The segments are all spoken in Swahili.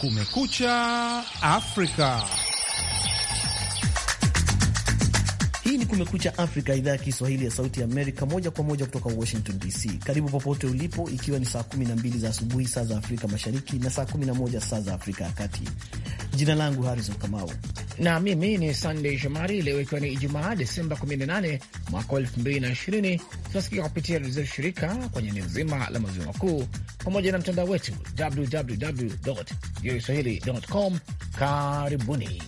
Kumekucha Afrika. Hii ni Kumekucha Afrika, idhaa ya Kiswahili ya Sauti ya Amerika, moja kwa moja kutoka Washington DC. Karibu popote ulipo, ikiwa ni saa 12 za asubuhi saa za Afrika Mashariki na saa 11 saa za Afrika ya Kati. Jina langu Harizon Kamau na mimi ni sandey Shomari. Leo ikiwa ni Ijumaa, Desemba 18 mwaka wa 2020, tunasikika kupitia redio zetu shirika kwenye eneo zima la maziwa makuu pamoja na mtandao wetu www voaswahili com. Karibuni.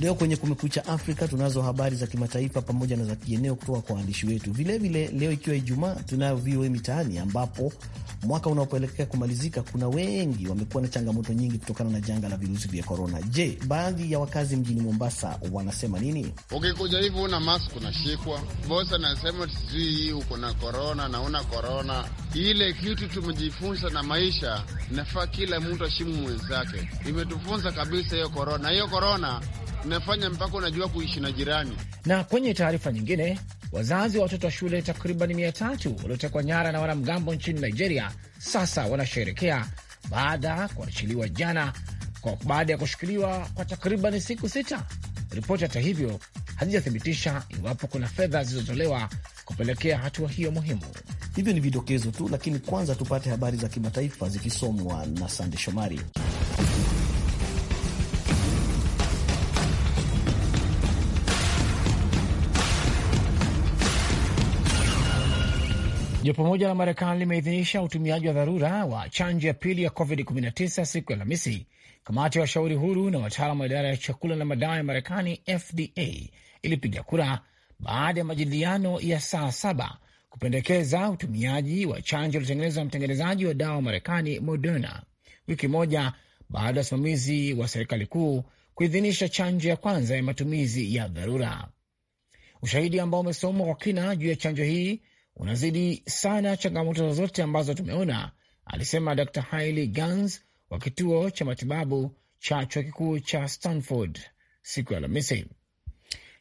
Leo kwenye Kumekucha Afrika tunazo habari za kimataifa pamoja na za kieneo kutoka kwa waandishi wetu. Vilevile leo ikiwa Ijumaa, tunayo VOA Mitaani, ambapo mwaka unaopelekea kumalizika, kuna wengi wamekuwa na changamoto nyingi kutokana na janga la virusi vya korona. Je, baadhi ya wakazi mjini Mombasa wanasema nini? Ukikuja hivi una mask unashikwa, bosi anasema sijui uko na korona na una korona. Ile kitu tumejifunza na maisha, nafaa kila mtu ashimu mwenzake, imetufunza kabisa hiyo korona. Hiyo korona nafanya mpaka unajua kuishi na jirani. Na kwenye taarifa nyingine, wazazi wa watoto wa shule takriban mia tatu waliotekwa nyara na wanamgambo nchini Nigeria sasa wanasherekea baada ya kuachiliwa jana, kwa baada ya kushikiliwa kwa takriban siku sita. Ripoti hata hivyo hazijathibitisha iwapo kuna fedha zilizotolewa kupelekea hatua hiyo muhimu. Hivyo ni vidokezo tu, lakini kwanza tupate habari za kimataifa zikisomwa na Sande Shomari. Jopo moja la Marekani limeidhinisha utumiaji wa dharura wa chanjo ya pili ya COVID-19 siku ya Alhamisi. Kamati ya washauri huru na wataalam wa idara ya chakula na madawa ya Marekani, FDA, ilipiga kura baada ya majadiliano ya saa saba kupendekeza utumiaji wa chanjo iliotengenezwa na mtengenezaji wa dawa wa Marekani, Moderna, wiki moja baada ya usimamizi wa serikali kuu kuidhinisha chanjo ya kwanza ya matumizi ya dharura. Ushahidi ambao umesomwa kwa kina juu ya chanjo hii unazidi sana changamoto zozote ambazo tumeona, alisema Dr Hailey Gans wa kituo cha matibabu cha chuo kikuu cha Stanford siku ya Alhamisi.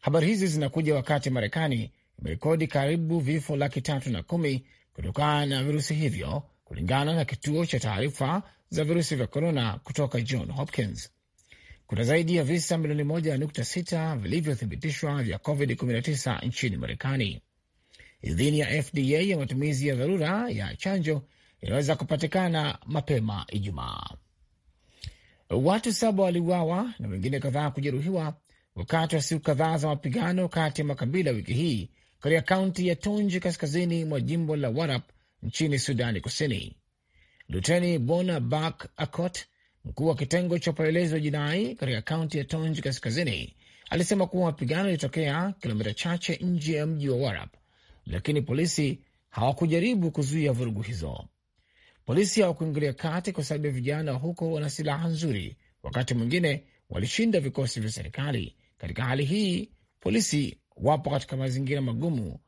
Habari hizi zinakuja wakati Marekani imerekodi karibu vifo laki tatu na kumi kutokana na virusi hivyo, kulingana na kituo cha taarifa za virusi vya korona kutoka John Hopkins. Kuna zaidi ya visa milioni moja nukta sita vilivyothibitishwa vya COVID-19 nchini Marekani idhini ya FDA ya matumizi ya dharura ya chanjo inaweza kupatikana mapema Ijumaa. Watu saba waliuawa na wengine kadhaa kujeruhiwa wakati wa siku kadhaa za mapigano kati ya makabila wiki hii katika kaunti ya Tonji kaskazini mwa jimbo la Warap nchini Sudani Kusini. Luteni Bona Bak Akot, mkuu wa kitengo cha upelelezi wa jinai katika kaunti ya Tonji kaskazini, alisema kuwa mapigano yalitokea kilomita chache nje ya mji wa Warap lakini polisi hawakujaribu kuzuia vurugu hizo. Polisi hawakuingilia kati kwa sababu ya vijana huko wana silaha nzuri, wakati mwingine walishinda vikosi vya serikali. Katika hali hii, polisi wapo katika mazingira magumu,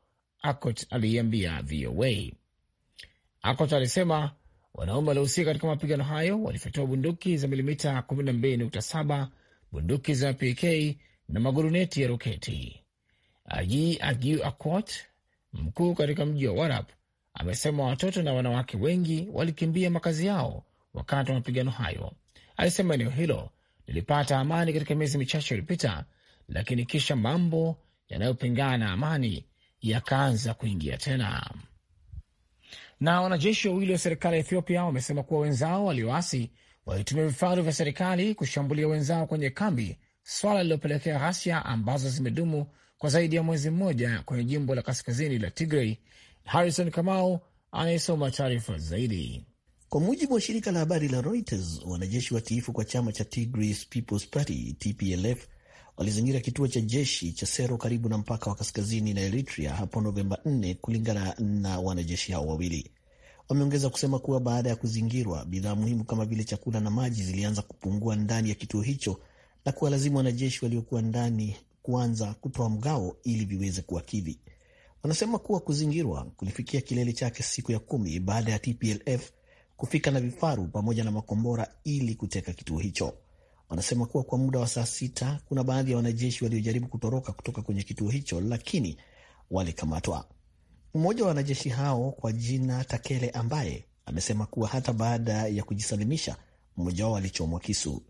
Akot aliiambia VOA. Akot alisema wanaume waliohusika katika mapigano hayo walifyatua bunduki za milimita 12.7, bunduki za PK na maguruneti ya roketi. Aji Agiu Akot mkuu katika mji wa Warap amesema watoto na wanawake wengi walikimbia makazi yao wakati wa mapigano hayo. Alisema eneo hilo lilipata amani katika miezi michache iliyopita, lakini kisha mambo yanayopingana na amani yakaanza kuingia tena. Na wanajeshi wawili wa serikali ya Ethiopia wamesema kuwa wenzao walioasi walitumia vifaru vya serikali kushambulia wenzao kwenye kambi, swala lililopelekea ghasia ambazo zimedumu kwa zaidi ya mwezi mmoja kwenye jimbo la kaskazini la Tigray. Harrison Kamau anayesoma taarifa zaidi. Kwa mujibu wa shirika la habari la Reuters, wanajeshi watiifu kwa chama cha Tigray People's Party TPLF walizingira kituo cha jeshi cha Sero karibu na mpaka wa kaskazini na Eritrea hapo Novemba 4, kulingana na wanajeshi hao wawili. Wameongeza kusema kuwa baada ya kuzingirwa, bidhaa muhimu kama vile chakula na maji zilianza kupungua ndani ya kituo hicho na kuwalazimu wanajeshi waliokuwa ndani kuanza kutoa mgao ili viweze kuwakidhi. Wanasema kuwa kuzingirwa kulifikia kilele chake siku ya kumi baada ya TPLF kufika na vifaru pamoja na makombora ili kuteka kituo hicho. Wanasema kuwa kwa muda wa saa sita kuna baadhi ya wanajeshi waliojaribu kutoroka kutoka kwenye kituo hicho, lakini walikamatwa. Mmoja wa wanajeshi hao kwa jina Takele, ambaye amesema kuwa hata baada ya kujisalimisha mmoja wao alichomwa kisu.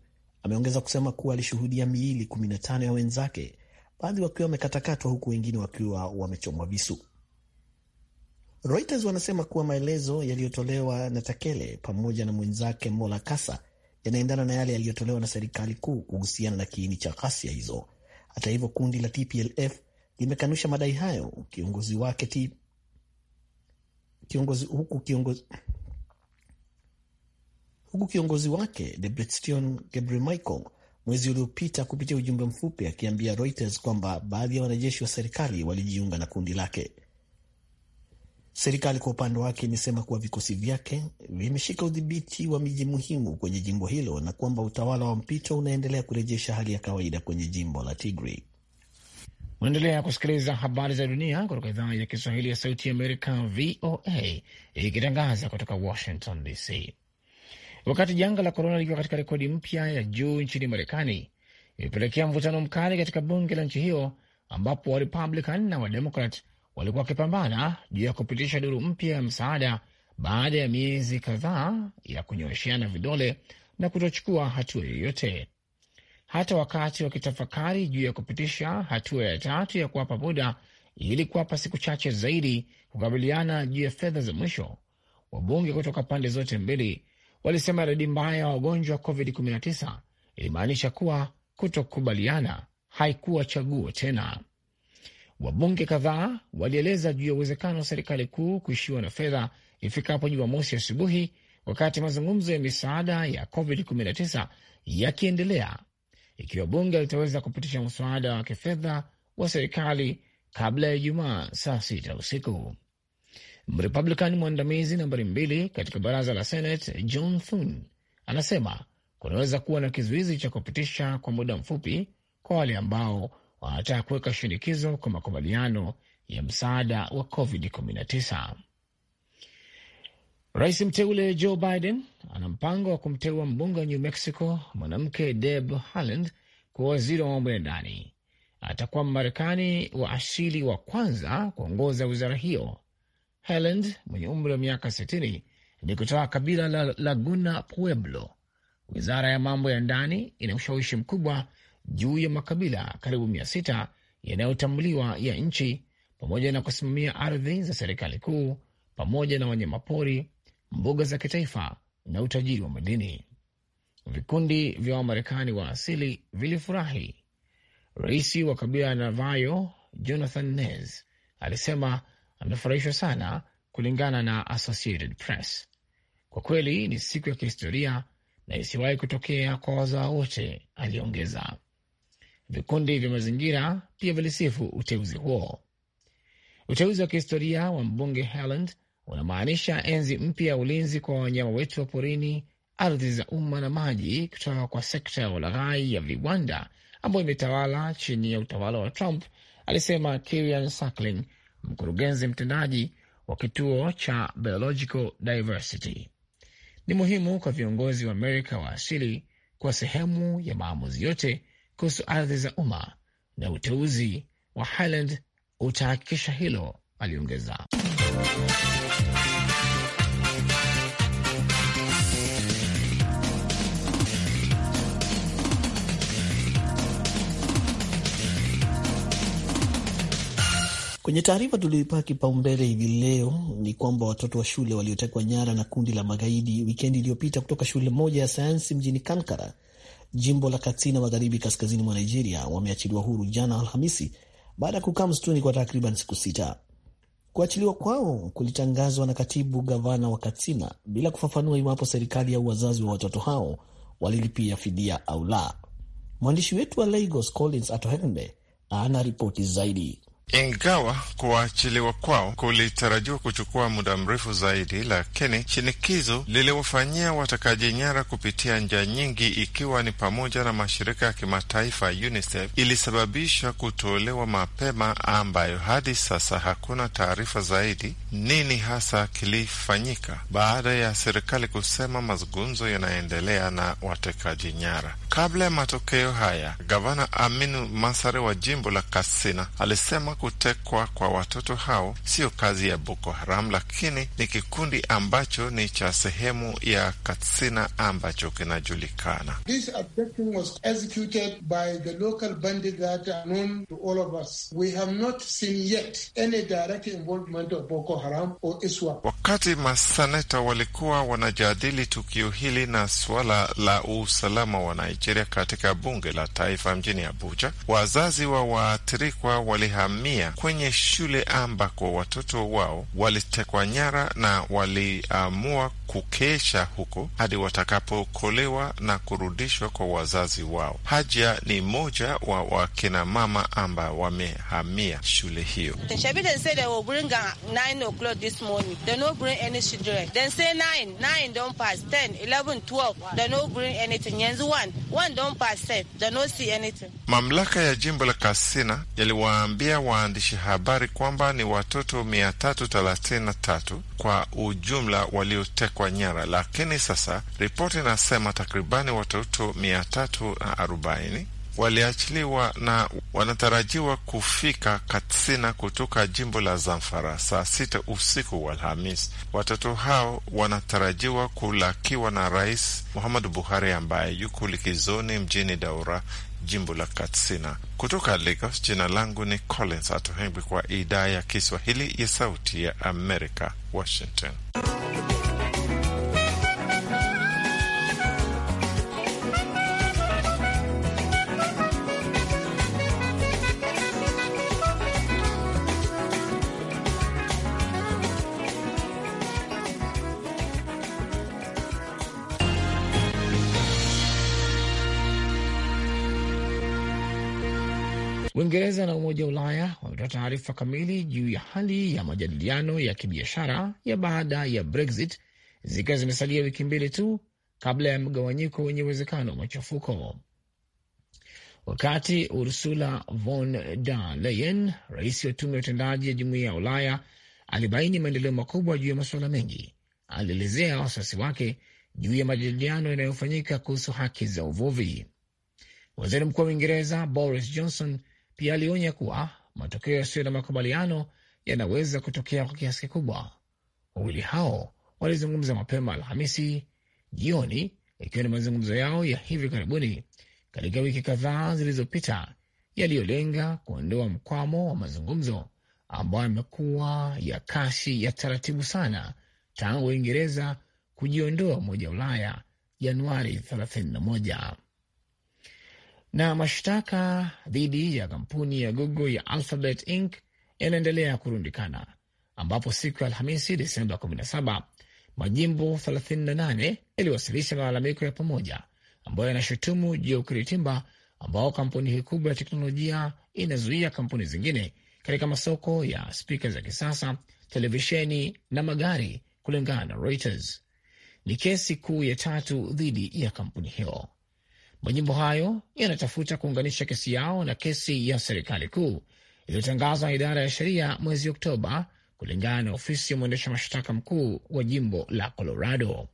Ameongeza kusema kuwa alishuhudia miili 15 ya wenzake baadhi wakiwa wamekatakatwa huku wengine wakiwa wamechomwa visu. Reuters wanasema kuwa maelezo yaliyotolewa na Takele pamoja na mwenzake Mola Kasa yanaendana na yale yaliyotolewa na serikali kuu kuhusiana na kiini cha ghasia hizo. Hata hivyo, kundi la TPLF limekanusha madai hayo, kiongozi wake t... kiongozi... huku kiongozi huku kiongozi wake Debretsion Gebremichael mwezi uliopita kupitia ujumbe mfupi akiambia Reuters kwamba baadhi ya wanajeshi wa serikali walijiunga na kundi lake. Serikali kwa upande wake imesema kuwa vikosi vyake vimeshika udhibiti wa miji muhimu kwenye jimbo hilo na kwamba utawala wa mpito unaendelea kurejesha hali ya kawaida kwenye jimbo la Tigray. Unaendelea kusikiliza habari za dunia kutoka idhaa ya Kiswahili ya Sauti ya Amerika, VOA, ikitangaza kutoka Washington DC. Wakati janga la korona likiwa katika rekodi mpya ya juu nchini Marekani, imepelekea mvutano mkali katika bunge la nchi hiyo ambapo Warepublican na Wademokrat walikuwa wakipambana juu ya kupitisha duru mpya ya msaada baada ya miezi kadhaa ya kunyoosheana vidole na kutochukua hatua yoyote. Hata wakati wakitafakari juu ya kupitisha hatua ya tatu ya kuwapa muda ili kuwapa siku chache zaidi kukabiliana juu ya fedha za mwisho, wabunge kutoka pande zote mbili walisema idadi mbaya wa wagonjwa wa COVID-19 ilimaanisha kuwa kutokubaliana haikuwa chaguo tena. Wabunge kadhaa walieleza juu ya uwezekano wa serikali kuu kuishiwa na fedha ifikapo Jumamosi asubuhi, wakati mazungumzo ya misaada ya COVID-19 yakiendelea, ikiwa bunge litaweza kupitisha mswada wa kifedha wa serikali kabla ya Ijumaa saa sita usiku. Mrepublican mwandamizi nambari mbili katika baraza la Senate John Thune anasema kunaweza kuwa na kizuizi cha kupitisha kwa muda mfupi kwa wale ambao wanataka kuweka shinikizo kwa makubaliano ya msaada wa COVID-19. Rais mteule Joe Biden ana mpango wa kumteua mbunge wa New Mexico mwanamke Deb Haaland kuwa waziri wa mambo ya ndani. Atakuwa Mmarekani wa asili wa kwanza kuongoza wizara hiyo Heland mwenye umri wa miaka 60 ni kutoka kabila la Laguna Pueblo. Wizara ya mambo ya ndani ina ushawishi mkubwa juu ya makabila karibu mia sita yanayotambuliwa ya nchi pamoja na kusimamia ardhi za serikali kuu pamoja na wanyamapori, mbuga za kitaifa na utajiri wa madini. Vikundi vya Wamarekani wa asili vilifurahi. Rais wa kabila ya Navajo Jonathan Nez alisema amefurahishwa sana, kulingana na Associated Press. Kwa kweli ni siku ya kihistoria na isiwahi kutokea kwa wazawa wote, aliongeza. Vikundi vya mazingira pia vilisifu uteuzi huo. Uteuzi wa kihistoria wa mbunge Heland unamaanisha enzi mpya ya ulinzi kwa wanyama wetu wa porini, ardhi za umma na maji, kutoka kwa sekta ya ulaghai ya viwanda ambayo imetawala chini ya utawala wa Trump, alisema Kieran Suckling, mkurugenzi mtendaji wa kituo cha Biological Diversity. Ni muhimu kwa viongozi wa Amerika wa asili kuwa sehemu ya maamuzi yote kuhusu ardhi za umma na uteuzi wa Highland utahakikisha hilo, aliongeza. Kwenye taarifa tuliyoipa kipaumbele hivi leo ni kwamba watoto wa shule waliotekwa nyara na kundi la magaidi wikendi iliyopita kutoka shule moja ya sayansi mjini Kankara, jimbo la Katsina magharibi kaskazini mwa Nigeria, wameachiliwa huru jana Alhamisi baada ya kukaa msituni kwa takriban siku sita. Kuachiliwa kwao kulitangazwa na katibu gavana wa Katsina bila kufafanua iwapo serikali au wazazi wa watoto hao walilipia fidia au la. Mwandishi wetu wa Lagos Collins Atohengbe ana ripoti zaidi. Ingawa kuachiliwa kwao kulitarajiwa kuchukua muda mrefu zaidi, lakini shinikizo liliwafanyia watekaji nyara kupitia njia nyingi, ikiwa ni pamoja na mashirika ya kimataifa UNICEF, ilisababisha kutolewa mapema, ambayo hadi sasa hakuna taarifa zaidi nini hasa kilifanyika, baada ya serikali kusema mazungumzo yanaendelea na watekaji nyara. Kabla ya matokeo haya, gavana Aminu Masare wa jimbo la Katsina alisema kutekwa kwa watoto hao sio kazi ya Boko Haram, lakini ni kikundi ambacho ni cha sehemu ya Katsina ambacho kinajulikana. Wakati maseneta walikuwa wanajadili tukio hili na suala la usalama wa Nigeria katika bunge la taifa mjini Abuja, wazazi wa waathirikwa walihamia mia kwenye shule ambako watoto wao walitekwa nyara na waliamua kukesha huko hadi watakapokolewa na kurudishwa kwa wazazi wao. Haja ni mmoja wa wakina mama amba wamehamia shule hiyo. Mamlaka ya jimbo la Kasina yaliwaambia waandishi habari kwamba ni watoto 333 kwa ujumla waliotekwa nyara, lakini sasa ripoti inasema takribani watoto 340 na waliachiliwa na wanatarajiwa kufika Katsina kutoka jimbo la Zamfara saa sita usiku wa Alhamis. Watoto hao wanatarajiwa kulakiwa na Rais Muhammadu Buhari ambaye yuko likizoni mjini Daura, jimbo la Katsina. Kutoka Lagos, jina langu ni Collins Atohengwi kwa idhaa ya Kiswahili ya Sauti ya Amerika, Washington. Uingereza na Umoja wa Ulaya wametoa taarifa kamili juu ya hali ya majadiliano ya kibiashara ya baada ya Brexit, zikiwa zimesalia wiki mbili tu kabla ya mgawanyiko wenye uwezekano wa machafuko. Wakati Ursula von der Leyen, rais wa tume ya utendaji ya jumuiya ya Ulaya, alibaini maendeleo makubwa juu ya masuala mengi, alielezea wasiwasi wake juu ya majadiliano yanayofanyika kuhusu haki za uvuvi. Waziri Mkuu wa Uingereza Boris Johnson pia alionya kuwa matokeo yasiyo na makubaliano yanaweza kutokea kwa kiasi kikubwa. Wawili hao walizungumza mapema Alhamisi jioni, ikiwa ni mazungumzo yao ya hivi karibuni katika wiki kadhaa zilizopita yaliyolenga kuondoa mkwamo wa mazungumzo ambayo yamekuwa ya kasi ya taratibu sana tangu Uingereza kujiondoa Umoja wa Ulaya Januari 31 na mashtaka dhidi ya kampuni ya Google ya Alphabet Inc yanaendelea kurundikana, ambapo siku ya Alhamisi Desemba 17 majimbo 38 yaliwasilisha malalamiko ya pamoja ambayo yanashutumu juu ya ukiritimba ambao kampuni hii kubwa ya teknolojia inazuia kampuni zingine katika masoko ya spika za kisasa, televisheni na magari, kulingana na Reuters. Ni kesi kuu ya tatu dhidi ya kampuni hiyo. Majimbo hayo yanatafuta kuunganisha kesi yao na kesi ya serikali kuu iliyotangazwa na idara ya sheria mwezi Oktoba, kulingana na ofisi ya mwendesha mashtaka mkuu wa jimbo la Colorado.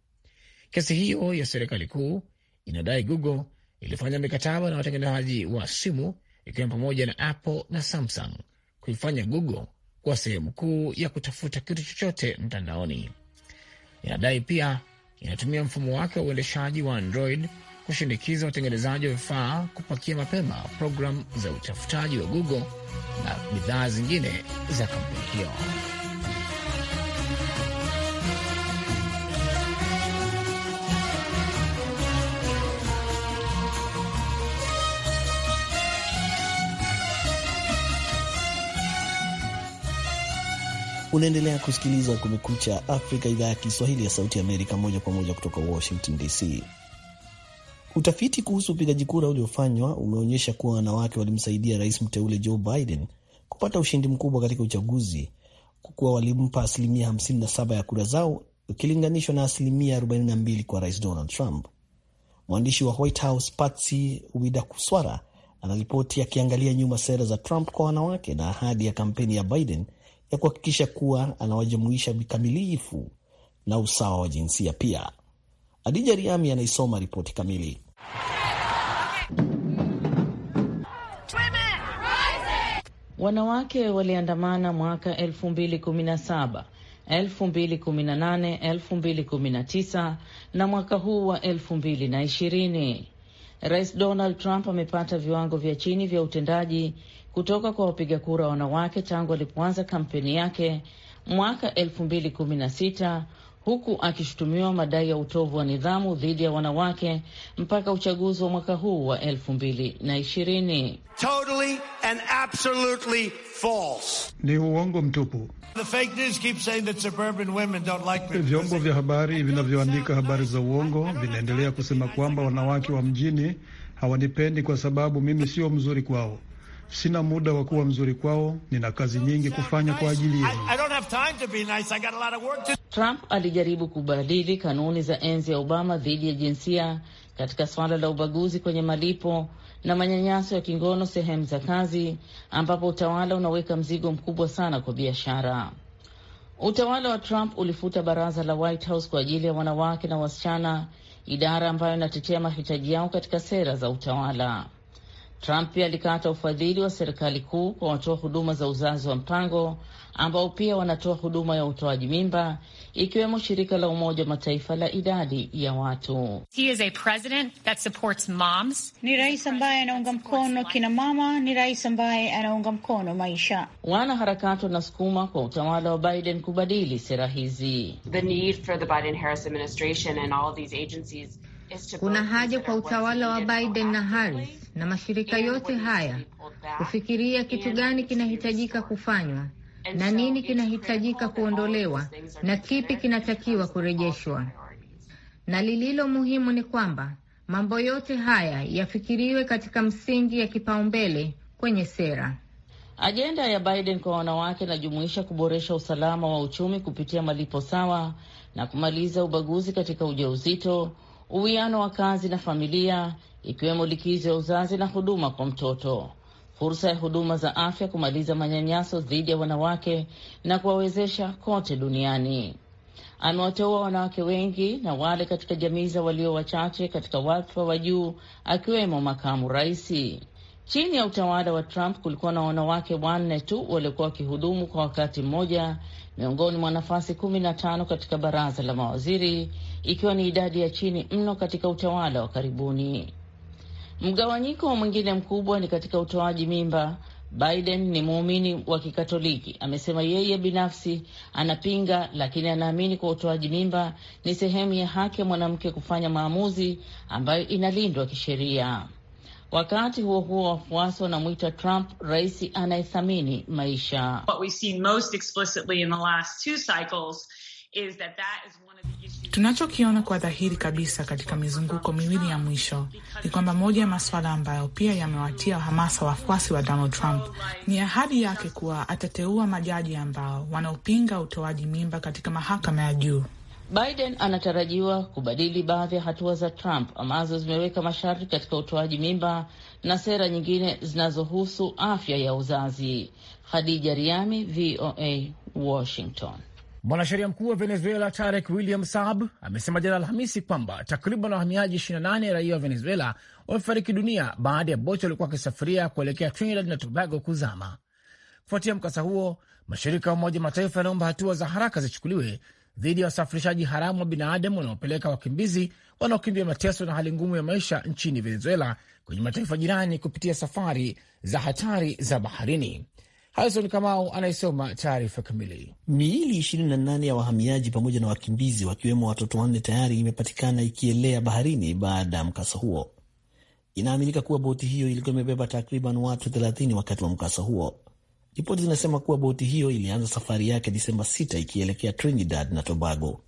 Kesi hiyo ya serikali kuu inadai Google ilifanya mikataba na watengenezaji wa simu ikiwemo pamoja na Apple na Samsung kuifanya Google kuwa sehemu kuu ya kutafuta kitu chochote mtandaoni. Inadai pia inatumia mfumo wake wa uendeshaji wa Android kushinikiza watengenezaji wa vifaa kupakia mapema programu za utafutaji wa Google na bidhaa zingine za kampuni hiyo. Unaendelea kusikiliza Kumekucha Afrika, idhaa ya Kiswahili ya Sauti ya Amerika, moja kwa moja kutoka Washington DC. Utafiti kuhusu upigaji kura uliofanywa umeonyesha kuwa wanawake walimsaidia rais mteule Joe Biden kupata ushindi mkubwa katika uchaguzi kwa kuwa walimpa asilimia 57 ya kura zao ukilinganishwa na asilimia 42 kwa rais Donald Trump. Mwandishi wa White House Patsy Widakuswara anaripoti akiangalia nyuma sera za Trump kwa wanawake na ahadi ya kampeni ya Biden ya kuhakikisha kuwa anawajumuisha vikamilifu na usawa wa jinsia pia. Adija Riami anaisoma ripoti kamili. Wanawake waliandamana mwaka 2017, 2018, 2019 na mwaka huu wa 2020. Rais Donald Trump amepata viwango vya chini vya utendaji kutoka kwa wapiga kura wanawake tangu alipoanza kampeni yake mwaka huku akishutumiwa madai ya utovu wa nidhamu dhidi ya wanawake mpaka uchaguzi wa mwaka huu wa elfu mbili na ishirini. Totally and absolutely false. Ni uongo mtupu. vyombo vya habari vinavyoandika habari za uongo vinaendelea kusema kwamba wanawake wa mjini hawanipendi kwa sababu mimi sio mzuri kwao. Sina muda wa kuwa mzuri kwao, nina kazi nyingi kufanya kwa ajili yenu. Trump alijaribu kubadili kanuni za enzi ya Obama dhidi ya jinsia katika suala la ubaguzi kwenye malipo na manyanyaso ya kingono sehemu za kazi, ambapo utawala unaweka mzigo mkubwa sana kwa biashara. Utawala wa Trump ulifuta baraza la White House kwa ajili ya wanawake na wasichana, idara ambayo inatetea mahitaji yao katika sera za utawala. Trump pia alikata ufadhili wa serikali kuu kwa watoa huduma za uzazi wa mpango ambao pia wanatoa huduma ya utoaji mimba ikiwemo shirika la Umoja wa Mataifa la idadi ya watu. He is a president that supports moms. Ni rais ambaye anaunga mkono kina mama, ni rais ambaye anaunga mkono maisha. Wanaharakati wanasukuma kwa utawala wa Biden kubadili sera hizi. Kuna haja kwa utawala wa Biden na Harris na mashirika yote haya kufikiria kitu gani kinahitajika kufanywa na nini kinahitajika kuondolewa na kipi kinatakiwa kurejeshwa. Na lililo muhimu ni kwamba mambo yote haya yafikiriwe katika msingi ya kipaumbele kwenye sera. Ajenda ya Biden kwa wanawake inajumuisha kuboresha usalama wa uchumi kupitia malipo sawa na kumaliza ubaguzi katika ujauzito uwiano wa kazi na familia, ikiwemo likizo ya uzazi na huduma kwa mtoto, fursa ya huduma za afya, kumaliza manyanyaso dhidi ya wanawake na kuwawezesha kote duniani. Amewateua wanawake wengi na wale katika jamii za walio wachache katika wadhifa wa juu akiwemo makamu raisi. Chini ya utawala wa Trump kulikuwa na wanawake wanne tu waliokuwa wakihudumu kwa wakati mmoja miongoni mwa nafasi kumi na tano katika baraza la mawaziri, ikiwa ni idadi ya chini mno katika utawala wa karibuni. Mgawanyiko mwingine mkubwa ni katika utoaji mimba. Biden ni muumini wa Kikatoliki, amesema yeye binafsi anapinga, lakini anaamini kwa utoaji mimba ni sehemu ya haki ya mwanamke kufanya maamuzi ambayo inalindwa kisheria. Wakati huo huo, wafuasi wanamwita Trump rais anayethamini maisha. What most explicitly in the last two cycles is that that is one of the... Tunachokiona kwa dhahiri kabisa katika mizunguko miwili ya mwisho ni kwamba moja ya masuala ambayo pia yamewatia hamasa wafuasi wa Donald Trump ni ahadi yake kuwa atateua majaji ambao wanaopinga utoaji mimba katika mahakama ya juu. Biden anatarajiwa kubadili baadhi ya hatua za Trump ambazo zimeweka masharti katika utoaji mimba na sera nyingine zinazohusu afya ya uzazi. Khadija Riami, VOA, Washington. Mwanasheria mkuu wa Venezuela Tarek William Saab amesema jana Alhamisi kwamba takriban wahamiaji 28 raia wa Venezuela wamefariki dunia baada ya boti waliokuwa wakisafiria kuelekea Trinidad na Tobago kuzama. Kufuatia mkasa huo, mashirika ya Umoja Mataifa yanaomba hatua za haraka zichukuliwe dhidi ya wasafirishaji haramu wa binadamu wanaopeleka wakimbizi wanaokimbia mateso na hali ngumu ya maisha nchini Venezuela kwenye mataifa jirani kupitia safari za hatari za baharini. Harison Kamau anayesoma taarifa kamili. Miili 28 na nane ya wahamiaji pamoja na wakimbizi wakiwemo watoto wanne tayari imepatikana ikielea baharini baada ya mkasa huo. Inaaminika kuwa boti hiyo ilikuwa imebeba takriban watu 30 wakati wa mkasa huo. Ripoti zinasema kuwa boti hiyo ilianza safari yake Disemba 6 ikielekea Trinidad na Tobago.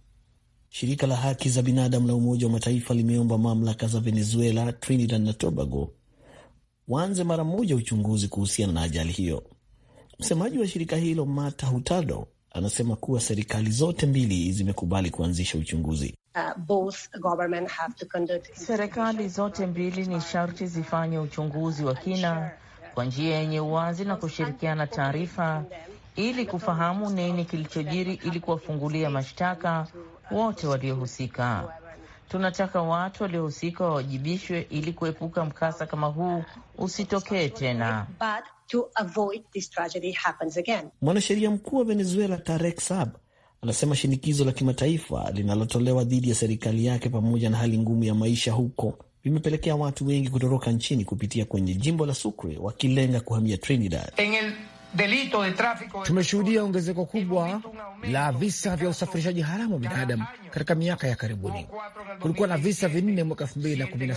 Shirika la haki za binadamu la Umoja wa Mataifa limeomba mamlaka za Venezuela, Trinidad na Tobago waanze mara moja uchunguzi kuhusiana na ajali hiyo. Msemaji wa shirika hilo mata hutado anasema kuwa serikali zote mbili zimekubali kuanzisha uchunguzi. Uh, serikali zote mbili ni sharti zifanye uchunguzi wa kina kwa njia yenye uwazi na kushirikiana taarifa ili kufahamu nini kilichojiri ili kuwafungulia mashtaka wote waliohusika. Tunataka watu waliohusika wawajibishwe ili kuepuka mkasa kama huu usitokee tena to avoid this tragedy happens again. Mwanasheria mkuu wa Venezuela Tarek Saab anasema shinikizo la kimataifa linalotolewa dhidi ya serikali yake pamoja na hali ngumu ya maisha huko vimepelekea watu wengi kutoroka nchini kupitia kwenye jimbo la Sucre wakilenga kuhamia Trinidad. Tumeshuhudia ongezeko kubwa la visa vya usafirishaji haramu wa binadamu katika miaka ya karibuni. Kulikuwa na visa vinne mwaka mbili na kumi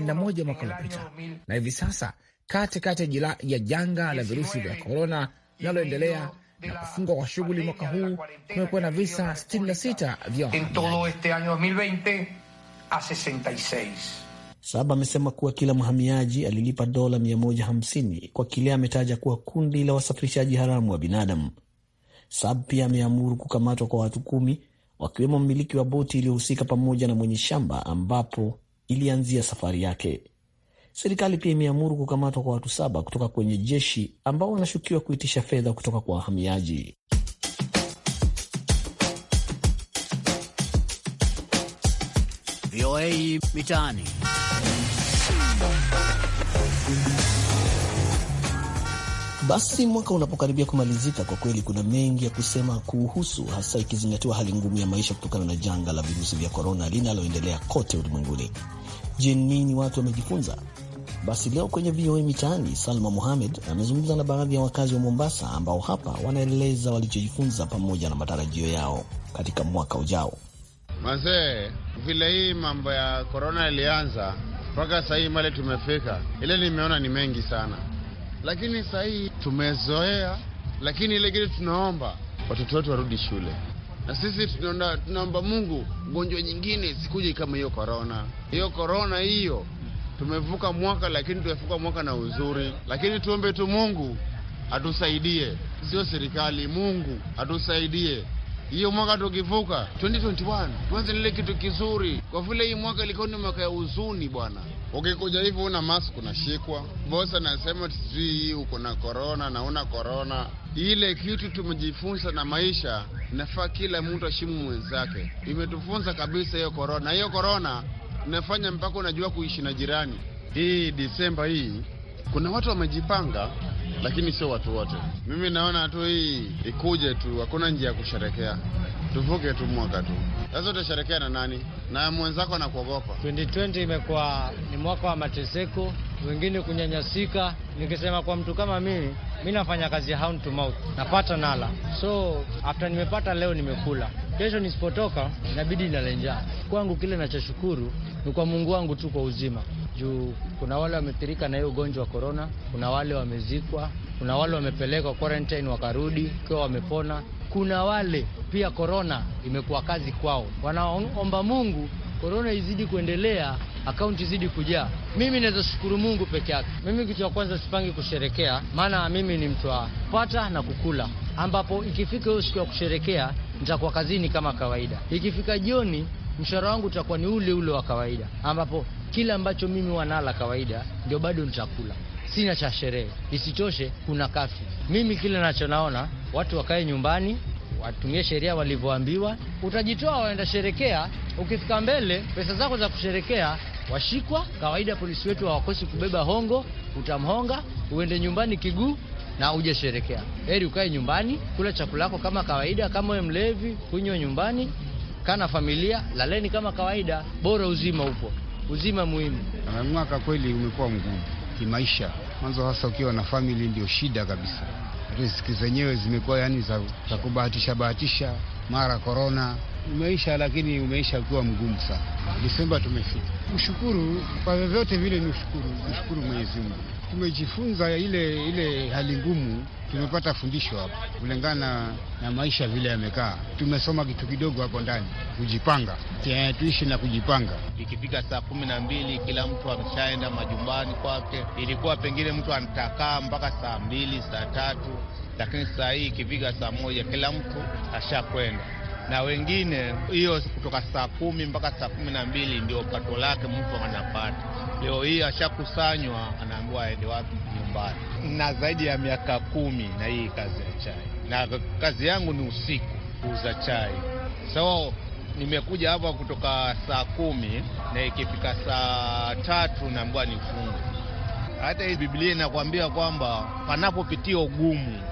na moja mwaka uliopita, na hivi sasa katikati ya janga la virusi vya korona linaloendelea na kufungwa kwa shughuli mwaka huu kumekuwa na visa 66 vya Saba amesema kuwa kila mhamiaji alilipa dola 150 kwa kile ametaja kuwa kundi la wasafirishaji haramu wa binadamu. Sab pia ameamuru kukamatwa kwa watu kumi wakiwemo mmiliki wa boti iliyohusika pamoja na mwenye shamba ambapo ilianzia safari yake. Serikali pia imeamuru kukamatwa kwa watu saba kutoka kwenye jeshi ambao wanashukiwa kuitisha fedha kutoka kwa wahamiaji. VOA Mitaani. Basi mwaka unapokaribia kumalizika, kwa kweli kuna mengi ya kusema kuhusu, hasa ikizingatiwa hali ngumu ya maisha kutokana na janga la virusi vya korona linaloendelea kote ulimwenguni. Je, nini watu wamejifunza? Basi leo kwenye VOA Mitaani, Salma Mohamed amezungumza na baadhi ya wakazi wa Mombasa ambao hapa wanaeleza walichojifunza pamoja na matarajio yao katika mwaka ujao. Mazee, vile hii mambo ya korona ilianza mpaka sahii male tumefika, ile nimeona ni mengi sana, lakini sahii tumezoea. Lakini ile kile tunaomba watoto wetu warudi shule, na sisi tunaomba, tunaomba Mungu ugonjwa nyingine sikuje kama hiyo korona. Hiyo korona hiyo tumevuka mwaka, lakini tumevuka mwaka na uzuri, lakini tuombe tu Mungu atusaidie, sio serikali. Mungu atusaidie hiyo mwaka tukivuka 2021 tuanze nile kitu kizuri, kwa vile hii mwaka ilikuwa ni mwaka ya huzuni bwana. Ukikuja hivi una mask unashikwa, bosi anasema sijui uko na korona na una korona. Ile kitu tumejifunza na maisha, nafaa kila mtu ashimu mwenzake. Imetufunza kabisa hiyo korona. Hiyo korona inafanya mpaka unajua kuishi na jirani. Hii Disemba hii kuna watu wamejipanga lakini sio watu wote. Mimi naona tu hii ikuje tu, hakuna njia ya kusherekea, tuvuke tu mwaka tu. Sasa utasherekea na nani? Na mwenzako anakuogopa. 2020 imekuwa ni mwaka wa mateseko, wengine kunyanyasika. Nikisema kwa mtu kama mimi, mi nafanya kazi hand to mouth, napata nala, so after nimepata leo nimekula Kesho nisipotoka inabidi nilale njaa. Kwangu kile nachoshukuru ni kwa Mungu wangu tu kwa uzima, juu kuna wale wameathirika na hiyo ugonjwa wa korona, kuna wale wamezikwa, kuna wale wamepelekwa quarantine wakarudi kiwa wamepona, kuna wale pia korona imekuwa kazi kwao, wanaomba Mungu korona izidi kuendelea, akaunti izidi kujaa. Mimi naweza shukuru Mungu peke yake. Mimi kitu ya kwanza sipangi kusherekea, maana mimi ni mtu wa pata na kukula, ambapo ikifika hiyo siku ya kusherekea nitakuwa kazini kama kawaida. Ikifika jioni, mshahara wangu utakuwa ni ule ule wa kawaida, ambapo kila ambacho mimi wanala kawaida ndio bado nitakula. Sina cha sherehe. Isitoshe kuna kafi Mimi kile nachonaona watu wakae nyumbani watumie sheria walivyoambiwa. Utajitoa waenda sherekea, ukifika mbele pesa zako za kusherekea washikwa. Kawaida polisi wetu hawakosi kubeba hongo, utamhonga uende nyumbani kiguu na uje sherekea. Heri ukae nyumbani, kula chakula yako kama kawaida. Kama we mlevi, kunywa nyumbani, kana familia, laleni kama kawaida, bora uzima upo, uzima muhimu. Mwaka kweli umekuwa mgumu kimaisha, mwanzo hasa ukiwa na famili, ndio shida kabisa riski zenyewe zimekuwa yani za, za kubahatisha bahatisha, mara korona umeisha, lakini umeisha ukiwa mgumu sana. Desemba tumefika, ushukuru kwa vyovyote vile, ni ushukuru, ushukuru Mwenyezi Mungu. Tumejifunza ile ile hali ngumu tumepata fundisho hapa kulingana na maisha vile yamekaa. Tumesoma kitu kidogo hapo ndani, kujipanga, tuishi na kujipanga. Ikifika saa kumi na mbili kila mtu ameshaenda majumbani kwake. Ilikuwa pengine mtu anatakaa mpaka saa mbili saa tatu, lakini saa hii ikifika saa moja kila mtu ashakwenda na wengine hiyo kutoka saa kumi mpaka saa kumi na mbili ndio pato lake mtu anapata. Leo hii ashakusanywa, anaambiwa aende wapi? Nyumbani na zaidi ya miaka kumi na hii kazi ya chai, na kazi yangu ni usiku kuuza chai. So nimekuja hapa kutoka saa kumi na ikifika saa tatu naambiwa nifunge. Hata hii Biblia inakuambia kwamba panapopitia ugumu,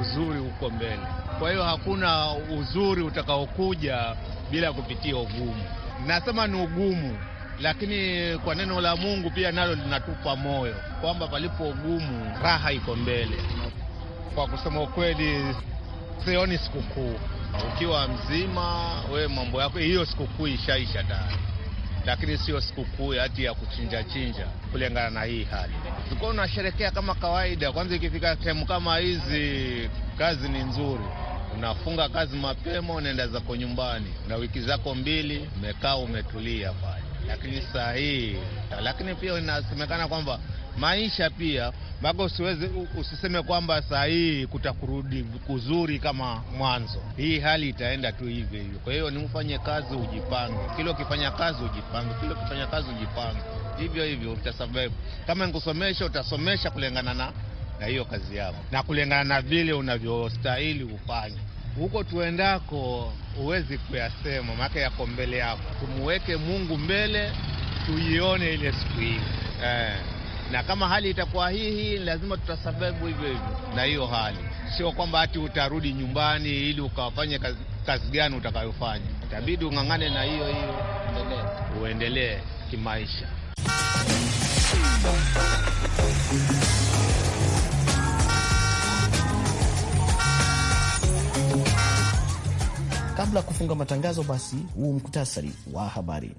uzuri uko mbele. Kwa hiyo hakuna uzuri utakaokuja bila kupitia ugumu. Nasema ni ugumu lakini kwa neno la Mungu pia nalo linatupa moyo kwamba palipo ugumu, raha iko mbele. Kwa kusema ukweli, sioni sikukuu ukiwa mzima, we mambo yako hiyo sikukuu ishaisha tayari, lakini sio sikukuu hati ya kuchinjachinja kulingana na hii hali. Tulikuwa unasherekea kama kawaida. Kwanza ikifika sehemu kama hizi, kazi ni nzuri unafunga kazi mapema, unaenda zako nyumbani na wiki zako mbili, umekaa umetulia pale lakini saa hii, lakini pia inasemekana kwamba maisha pia mpaka usiweze usiseme kwamba saa hii kutakurudi kuzuri kama mwanzo. Hii hali itaenda tu hivyo hivyo. Kwa hiyo ni ufanye kazi ujipange, kile ukifanya kazi ujipange, kile ukifanya kazi ujipange, hivyo hivyo utasurvive. Kama nikusomesha, utasomesha kulingana na na hiyo kazi yako na kulingana na vile unavyostahili ufanye huko tuendako huwezi kuyasema, maake yako mbele yako. Tumuweke Mungu mbele, tuione ile siku hii eh. Na kama hali itakuwa hii hii, lazima tutasurvive hivyo hivyo na hiyo hali, sio kwamba ati utarudi nyumbani ili ukafanye kazi, kazi gani utakayofanya. Itabidi ung'ang'ane na hiyo hiyo, uendelee kimaisha. Kabla ya kufunga matangazo, basi huu mktasari wa habari.